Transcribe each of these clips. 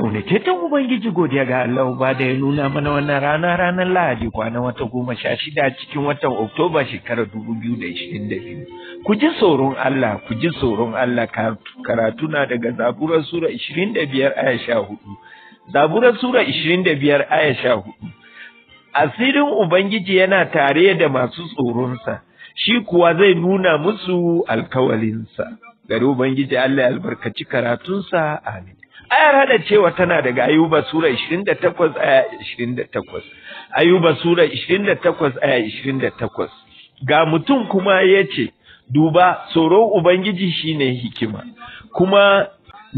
Kaunace ta Ubangiji godiya ga Allah ba da ya nuna mana wannan rana ranar Lahadi kwana wata goma sha shida cikin watan Oktoba shekarar dubu biyu da ishirin da biyu. Ku ji tsoron Allah, ku ji tsoron Allah karatu na daga zaburar Sura ishirin da biyar aya sha hudu. Zaburar Sura ishirin da biyar aya sha hudu. Asirin Ubangiji yana tare da masu tsoronsa, shi kuwa zai nuna musu alkawalinsa. Gari Ubangiji Allah ya albarkaci karatunsa, amin. ayar hada cewa tana daga ayuba sura 28 aya 28 ayuba sura 28 aya 28 ga mutum kuma yace duba tsoro ubangiji shine hikima kuma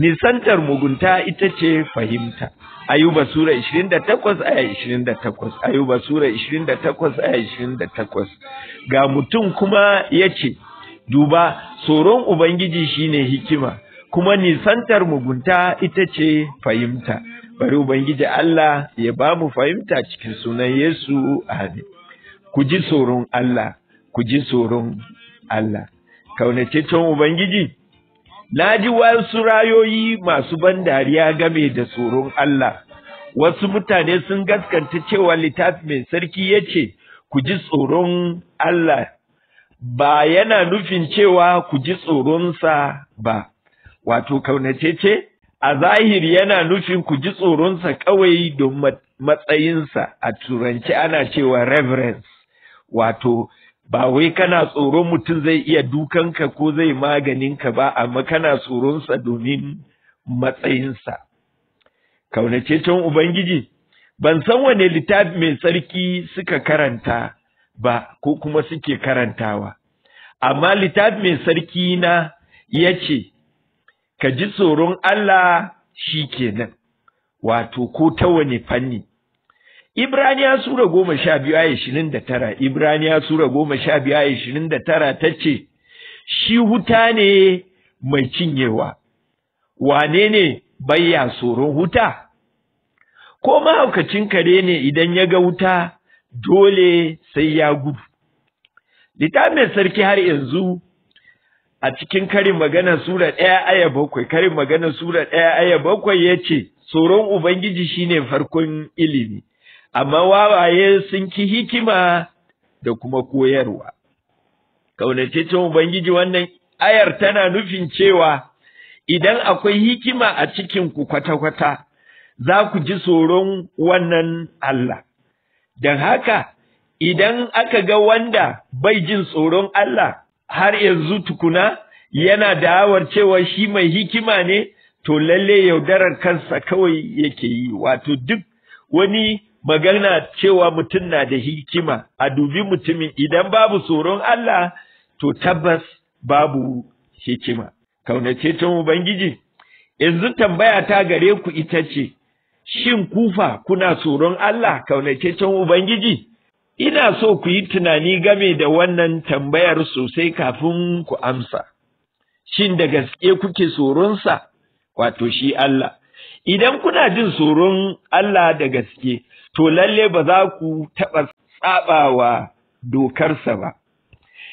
nisantar mugunta ita ce fahimta ayuba sura 28 aya 28 ayuba sura 28 aya 28 ga mutum kuma yace duba tsoron ubangiji shine hikima kuma nisantar mugunta ita ce fahimta bari ubangiji Allah ya ba mu fahimta cikin sunan Yesu amin ku ji tsoron Allah ku ji tsoron Allah kaunataccen ubangiji na ji wasu rayoyi masu ban dariya game da tsoron Allah wasu mutane sun gaskanta cewa littafi mai sarki ya ce ku ji tsoron Allah ba yana nufin cewa ku ji tsoronsa ba wato kaunacece a zahiri yana nufin ku ji tsoronsa kawai don matsayinsa a turanci ana cewa reverence wato ba wai kana tsoron mutum zai iya dukanka ko zai maganinka ba amma kana tsoronsa domin matsayinsa kaunacecen ubangiji ban san wane littafi mai tsarki suka karanta ba ko kuma suke karantawa amma littafi mai sarki na ya ce ka ji tsoron Allah shi kenan wato ko ta wani fanni Ibraniya Sura goma sha biyu a ishirin da tara Ibraniya Sura goma sha biyu a ishirin da tara ta ce shi huta ne mai cinyewa wane ne bayya tsoron huta ko mahaukacin kare ne idan ya ga wuta dole sai ya gudu littafin sarki har yanzu a cikin karin magana sura ɗaya aya bakwai karin magana sura ɗaya aya bakwai ya ce tsoron ubangiji shine farkon ilimi amma wawaye sun ki hikima da kuma koyarwa kaunataccen ubangiji wannan ayar tana nufin cewa idan akwai hikima a cikin ku kwata-kwata za ku ji tsoron wannan Allah don haka idan aka ga wanda bai jin tsoron Allah har yanzu tukuna yana da'awar cewa shi mai hikima ne to lalle yaudarar kansa kawai yake yi wato duk wani magana cewa mutum na da hikima a dubi mutumin idan babu tsoron Allah to tabbas babu hikima kaunace ta ubangiji yanzu tambaya ta gare ku ita ce shin kufa kuna tsoron Allah kaunace ta ubangiji ina so ku yi tunani game da wannan tambayar sosai kafin ku amsa shin da gaske kuke tsoronsa wato shi Allah idan kuna jin tsoron Allah da gaske to lalle ba za ku taɓa tsabawa dokarsa ba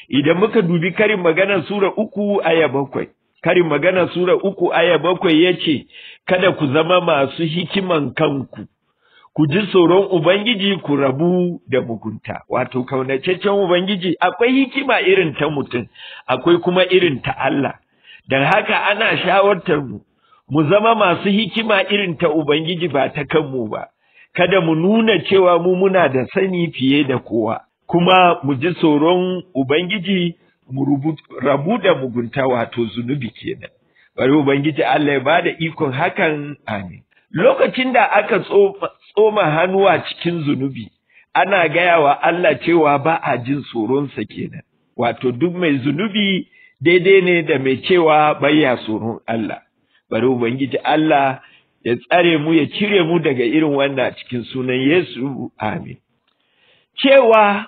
idan muka dubi karin magana sura uku aya bakwai karin magana sura uku aya bakwai ya ce kada ku zama masu hikiman kanku ku ji tsoron ubangiji ku rabu da mugunta wato kaunacecen ubangiji akwai hikima irin ta mutum akwai kuma irin ta Allah Don haka ana shawartar mu mu zama masu hikima irin ta ubangiji ba ta kanmu ba kada mu nuna cewa mu muna da sani fiye da kowa kuma mu ji tsoron ubangiji mu rabu da mugunta wato zunubi kenan bari ubangiji Allah ya bada ikon hakan amin lokacin da aka tsoma hannuwa cikin zunubi ana gaya wa Allah cewa ba a jin tsoronsa kenan wato duk mai zunubi daidai ne da mai cewa bayya tsoron Allah bari ubangiji Allah ya tsare mu ya cire mu daga irin wannan cikin sunan Yesu amin cewa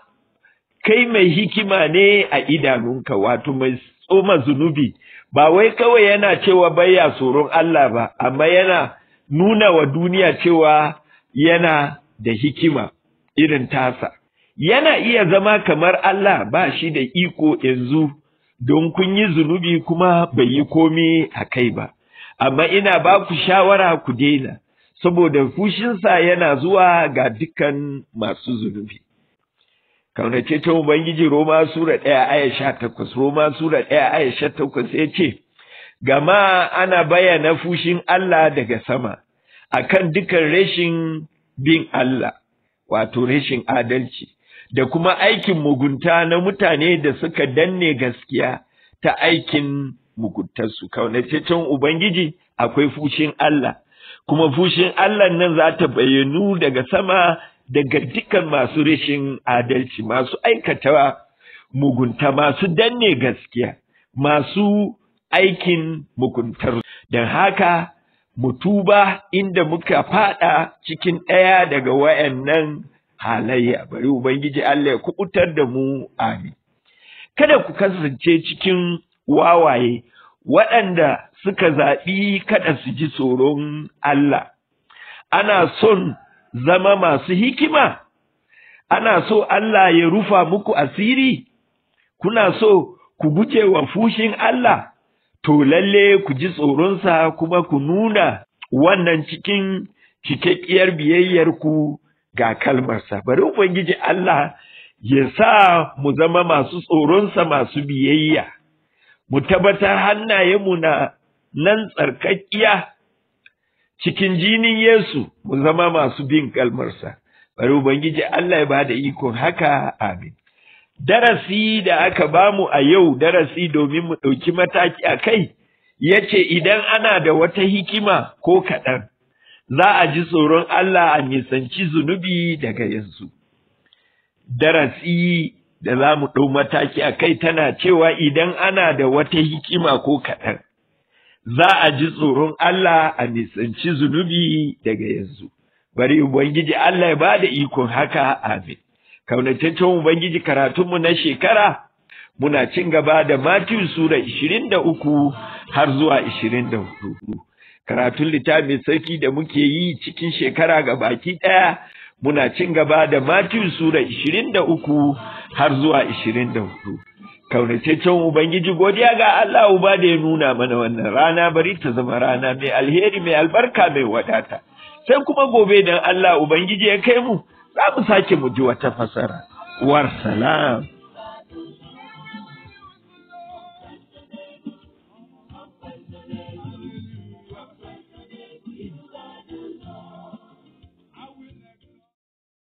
kai mai hikima ne a idanunka wato mai tsoma zunubi ba wai kawai yana cewa bayya tsoron Allah ba amma yana nuna wa duniya cewa yana da hikima irin tasa yana iya zama kamar Allah ba shi da iko yanzu don kun yi zunubi kuma bai yi komi a kai ba amma ina ba ku shawara ku daina saboda fushinsa yana zuwa ga dukkan masu zunubi kaunace ta Ubangiji Roma Sura ɗaya aya sha takwas, Roma Sura ɗaya aya sha takwas ya ce, gama ana bayyana fushin Allah daga sama akan dukan rashin bin Allah wato rashin adalci da kuma aikin mugunta na mutane da suka danne gaskiya ta aikin muguntarsu kaunataccen ubangiji akwai fushin Allah kuma fushin Allah nan za ta bayyanu daga sama daga dukan masu rashin adalci masu aikatawa mugunta masu danne gaskiya masu aikin mukuntar. don haka mutuba inda muka fada cikin ɗaya daga wayannan halayya bari ubangiji Allah ya kubutar da mu amin kada ku kasance cikin wawaye waɗanda suka zaɓi kada su ji tsoron Allah ana son zama masu hikima ana so Allah ya rufa muku asiri kuna so ku guje wa fushin Allah to lalle ku ji tsoronsa kuma ku nuna wannan cikin cikakkiyar biyayyarku ga kalmarsa bari ubangiji Allah ya sa mu zama masu tsoronsa masu biyayya mu tabbatar mu na nan tsarkakkiya cikin jinin Yesu mu zama masu bin kalmarsa bari ubangiji Allah ya bada ikon haka amin darasi da aka bamu a yau darasi domin mu ɗauki mataki a kai ya ce idan ana da wata hikima ko kaɗan za a ji tsoron Allah a nisanci zunubi daga yanzu. Darasi da za mu ɗau mataki a kai tana cewa idan ana da wata hikima ko kaɗan za a ji tsoron Allah a nisanci zunubi daga yanzu. Bari Ubangiji Allah ya ba da ikon haka amin. kaunataccen ubangiji karatunmu na shekara muna cin gaba da Matthew sura 23 har zuwa 24 karatun littafin sarki da muke yi cikin shekara ga baki ɗaya muna cin gaba da Matthew sura 23 har zuwa 24 kaunataccen ubangiji godiya ga Allah uba da ya nuna mana wannan rana bari ta zama rana mai alheri mai albarka mai wadata sai kuma gobe dan Allah ubangiji ya kai mu za mu sake mu ji wata fasara war salam